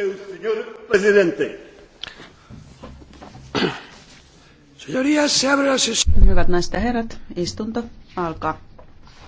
El señor presidente. Hyvät naiset ja herrat, istunto alkaa.